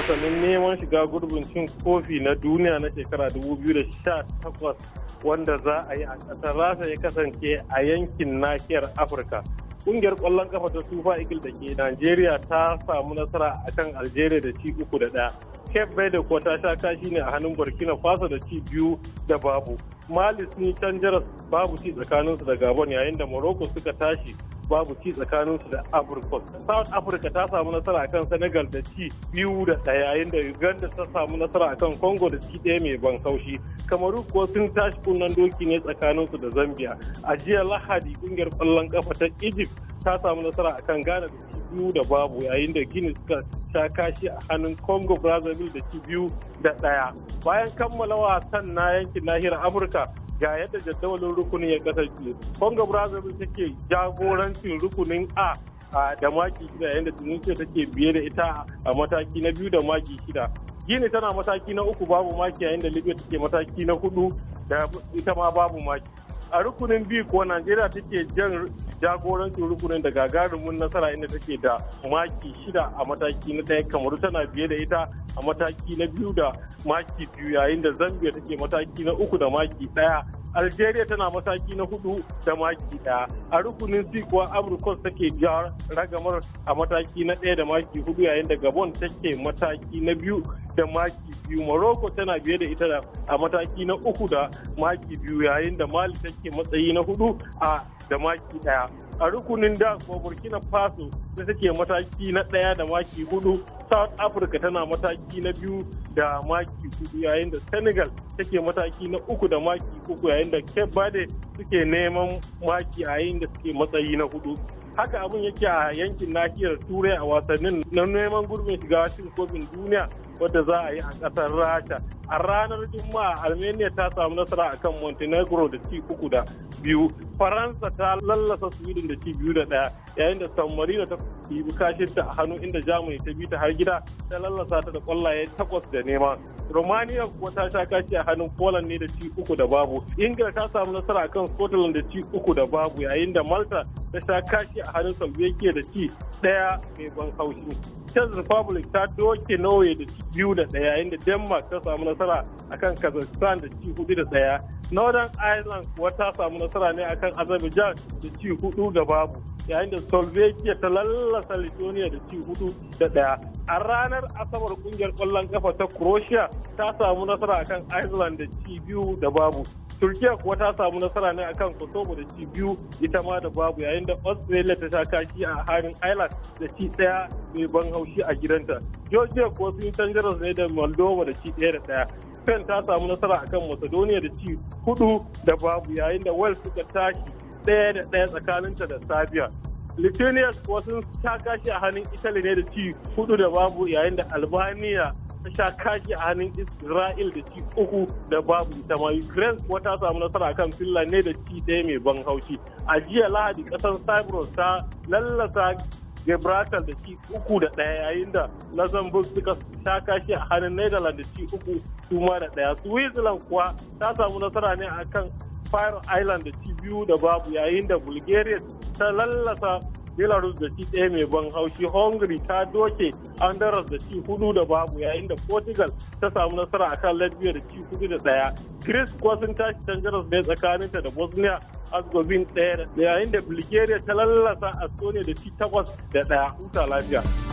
wasannin neman shiga gurbin cin kofi na duniya na shekara 2018 wanda za a yi a ƙasar rasa ya kasance a yankin nahiyar afirka kungiyar kwallon kafa ta sufa igil da ke Najeriya ta samu nasara a kan Algeria da ci uku da ɗaya. Cape Verde kuwa ta sha kashi ne a hannun Burkina Faso da ci biyu da babu. Malis ni can babu ci tsakaninsu da Gabon yayin da Morocco suka tashi babu ci tsakanin su da Afirka. South Africa ta samu nasara akan Senegal da ci biyu da ɗaya yayin da Uganda ta samu nasara akan Congo da ci ɗaya mai ban kaushi. Kamaru ko sun tashi kunnen doki ne tsakanin su da Zambia. A jiya Lahadi kungiyar ƙwallon kafa ta Egypt ta samu nasara akan Ghana da ci biyu da babu yayin da Guinea suka sha kashi a hannun Congo Brazzaville da ci biyu da ɗaya. Bayan kammala wasan na yankin nahiyar Afirka ga yadda jadawalin rukunin ya kasance congo brazzaville take jagorancin rukunin a da maki shida yayin da tunisia take biye da ita a mataki na biyu da maki shida gini tana mataki na uku babu maki yayin da libya take mataki na hudu da ita ma babu maki a rukunin biyu kuwa najeriya take jan jagorancin rukunin da gagarumin nasara inda take da maki shida a mataki na ɗaya kamaru tana biye da ita a mataki na biyu da maki biyu yayin da zambia take mataki na uku da maki ɗaya algeria tana mataki na hudu da maki ɗaya a rukunin c kuwa amurkos take biyar ragamar a mataki na ɗaya da maki hudu yayin da gabon take mataki na biyu da maki biyu morocco tana biye da ita a mataki na uku da maki biyu yayin da mali take matsayi na hudu a da maki daya a rukunin da ko burkina faso da take mataki na daya da maki hudu south africa tana mataki na biyu da maki hudu yayin da senegal take mataki na uku da maki uku yayin da cape verde suke neman maki yayin da suke matsayi na hudu haka abin yake a yankin nahiyar turai a wasannin na neman gurbin shiga cin kofin duniya wadda za a yi a ƙasar rasha a ranar juma'a armenia ta samu nasara akan montenegro da ci uku da biyu faransa ta lallasa sweden da ci biyu da daya yayin da san marino ta yi kashinta a hannu inda jamani ta bi ta har gida ta lallasa ta da kwallaye takwas da nema romania kuma ta sha kashi a hannun poland ne da ci uku da babu ingila ta samu nasara akan scotland da ci uku da babu yayin da malta ta sha kashi a hannun slovakia da ci daya mai ban haushi Czech Republic ta doke Norway da ci biyu da ɗaya inda Denmark ta samu nasara akan Kazakhstan da ci hudu da ɗaya. Northern Ireland kuwa ta samu nasara ne akan Azerbaijan da ci hudu da babu yayin da Slovakia ta lallasa Lithuania da ci hudu da ɗaya. A ranar Asabar kungiyar kwallon kafa ta Croatia ta samu nasara akan Iceland da ci biyu da babu turkiya kuwa ta samu nasara ne akan kosovo da ci biyu ita ma da babu yayin da australia ta sha kaki a harin island da ci daya mai ban haushi a gidanta georgia kuwa sun yi canjaras ne da moldova da ci daya da daya spain ta samu nasara akan macedonia da ci hudu da babu yayin da wales suka tashi daya da daya tsakaninta da serbia lithuania kuwa sun sha kashi a hannun italy ne da ci hudu da babu yayin da albania ta sha kaji a hannun Isra'il da ci uku da babu ita ma Ukraine kuwa ta samu nasara akan Finland ne da ci ɗaya mai ban haushi. A jiya Lahadi ƙasar Cyprus ta lallasa Gibraltar da ci uku da ɗaya yayin da Luxembourg suka sha kashi a hannun Netherlands da ci uku suma da ɗaya. Switzerland kuwa ta samu nasara ne akan Fire Island da ci biyu da babu yayin da Bulgaria ta lallasa belarus da ci ɗaya mai ban haushi hungary ta doke an andorra da ci hudu da babu yayin da portugal ta samu nasara akan latvia da ci hudu da ɗaya chris ta tashi tangaras ne tsakaninta da bosnia herzegovina ɗaya yayin da bulgaria ta lallasa estonia da ci takwas da ɗaya huta lafiya